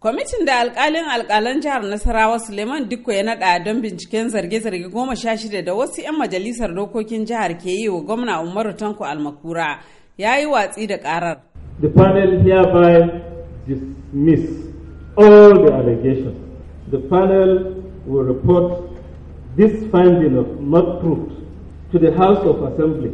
Kwamitin da alkalin alkalan jihar Nasarawa Suleiman Dikko ya nada don binciken zarge-zarge goma sha shida da wasu 'yan majalisar dokokin jihar ke yi wa gwamna Umaru Tanko Almakura ya yi watsi da karar. The panel hereby dismiss all the allegations. The panel will report this finding of not proof to the House of Assembly.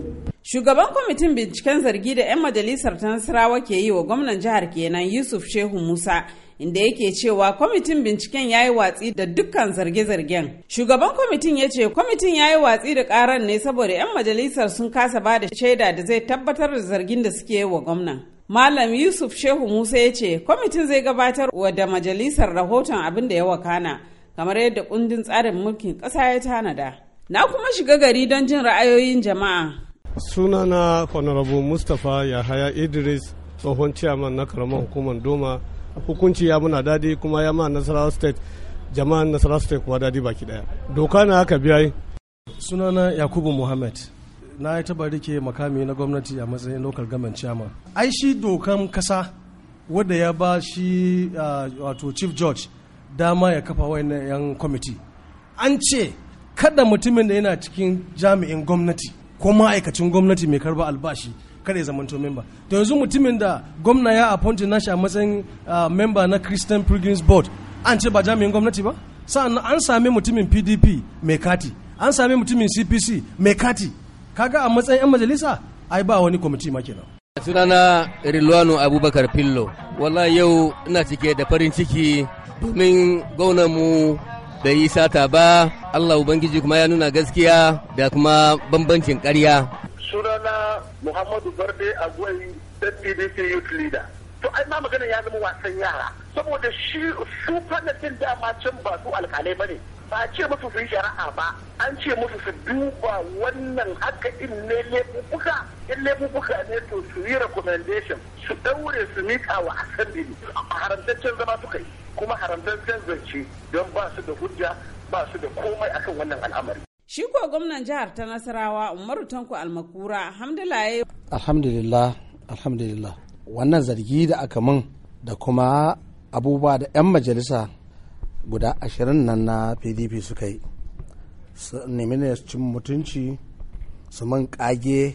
Shugaban kwamitin binciken zargi da 'yan majalisar ta Nasarawa ke yi wa gwamnan jihar kenan Yusuf Shehu Musa inda yake cewa kwamitin binciken ya yi watsi da dukkan zarge-zargen. Shugaban kwamitin ya ce kwamitin ya yi watsi da karan ne saboda 'yan majalisar sun kasa ba da shaida da zai tabbatar da zargin da suke wa gwamnan. Malam Yusuf Shehu Musa ya ce kwamitin zai gabatar wa da majalisar rahoton abin da ya wakana kamar yadda kundin tsarin mulkin ƙasa ya tanada. Na kuma shiga gari don jin ra'ayoyin jama'a. Sunana Honorable Mustapha Yahaya Idris tsohon ciyaman na karamar hukumar Doma hukunci ya muna dadi kuma ya ma nasarawa state jama'an nasarawa state kuma dadi baki daya doka na aka biya sunana yakubu muhammad na ya taba rike makami na gwamnati a matsayin local government chairman ai shi dokan kasa wadda ya ba shi wato chief George dama ya kafa wayannan yan kwamiti an ce kada mutumin da yana cikin jami'in gwamnati ko ma'aikacin gwamnati mai karba albashi kare zamanto memba to yanzu mutumin da gwamna ya na nashi a matsayin ah, memba na christian pilgrims board an ce ba jami'in gwamnati ba sa'an an sami mutumin pdp mai kati an sami mutumin cpc mai kati kaga a matsayin 'yan majalisa ai ba wani kwamiti ma kenan sunana rilwano abubakar pillo wallahi yau ina cike da farin ciki domin mu da yi sata ba allah ubangiji kuma ya nuna gaskiya da kuma bambancin karya muhammadu barde a dan pdp youth leader to ai ma magana ya zama wasan yara saboda shi su fanatin dama can ba su alkalai ba ne ba ce musu su yi shari'a ba an ce musu su duba wannan haka in ne lebubuka. in lebubuka ne to su yi recommendation su daure su mika wa asambili a haramtaccen zama suka yi kuma haramtaccen zance don ba su da hujja ba su da komai akan wannan al'amari Shi ko gwamnan jihar ta Nasarawa Umaru Tanko Almakura Hamdulaye. Alhamdulillah, alhamdulillah. Wannan zargi da aka min da kuma abubuwa da 'yan majalisa guda ashirin nan na PDP suka yi. Su nemi ne cin mutunci, su man kage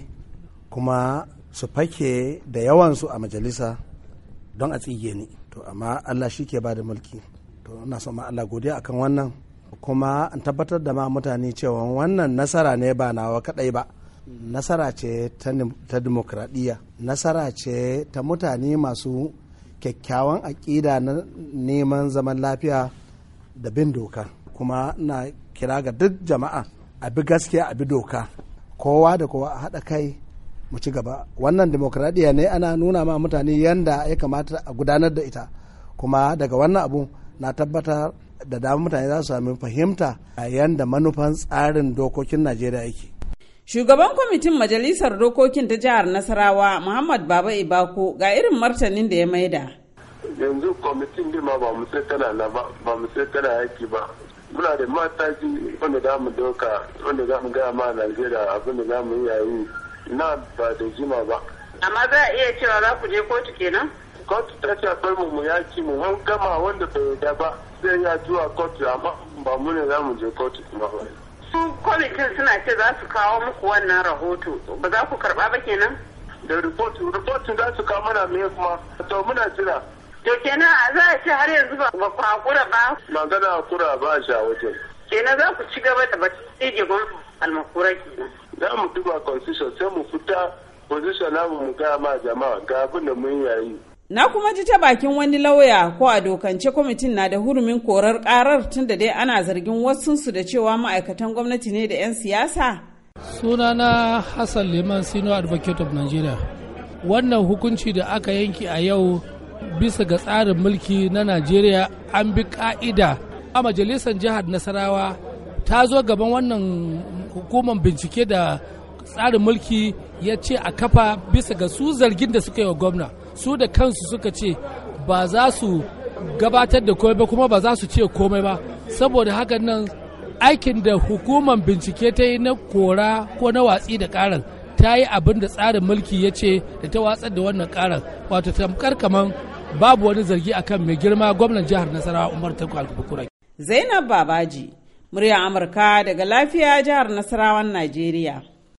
kuma su fake da yawansu a majalisa don a tsige ni. To amma Allah shi ke ba da mulki. To ina so ma Allah godiya akan wannan. kuma in tabbatar da ma mutane cewa wannan nasara ne ba nawa kadai ba nasara ce ta demokradiyya nasara ce ta mutane masu kyakkyawan aƙida na neman zaman lafiya da bin doka kuma na kira ga duk jama'a a bi gaskiya a bi doka kowa da kowa a haɗa kai mu ci gaba wannan demokradiyya ne ana nuna ma mutane yanda ya kamata a gudanar da ita kuma daga wannan abu na tabbatar da dama mutane za su sami fahimta a yanda manufan tsarin dokokin najeriya yake Shugaban kwamitin Majalisar Dokokin ta Jihar Nasarawa, Muhammad Baba Ibako, ga irin martanin da ya maida. Yanzu kwamitin din ma ba mu sai tana na ba, ba mu sai tana yaki ba. Muna da mataki wanda za mu doka, wanda za mu gaya ma Najeriya abin da za mu yi yayi na ba da jima ba. Amma za a iya cewa za ku je kotu kenan? kotu ta ce bar mu mu yaki mu mun gama wanda bai yarda ba zai ya zuwa kotu amma ba mu ne za mu je kotu kuma ba su kwamitin suna ce za su kawo muku wannan rahoto ba za ku karba ba kenan da ripotin ripotin za su kawo mana me kuma to muna jira to kenan a za a ce har yanzu ba Ba ku hakura ba magana hakura ba shi a wajen kenan za ku ci gaba da batun tsige gwamnati almakura kenan za mu duba constitution sai mu fita position namu mu gaya ma jama'a ga abin da mun yayi Na kuma ji ta bakin wani lauya ko a dokance kwamitin na da hurumin korar karar tun da dai ana zargin wasunsu da cewa ma'aikatan gwamnati ne da 'yan siyasa. Sunana Hassan Liman Sino Advocate of Nigeria. Wannan hukunci da aka yanki a yau bisa ga tsarin mulki na Najeriya an bi ka'ida a majalisar jihar Nasarawa ta zo gaban wannan hukumar bincike da tsarin mulki ya ce a kafa bisa ga su zargin da suka yi wa gwamna. su da kansu suka ce ba za su gabatar da komai ba kuma ba za su ce komai ba saboda haka nan aikin da hukumar bincike ta yi na kora ko na watsi da karan ta yi abin da tsarin mulki ya ce da ta watsar da wannan karan wato tamkar kaman babu wani zargi akan mai girma gwamnan jihar nasarawa umar tanko alkubukura zainab babaji murya amurka daga lafiya jihar nasarawan najeriya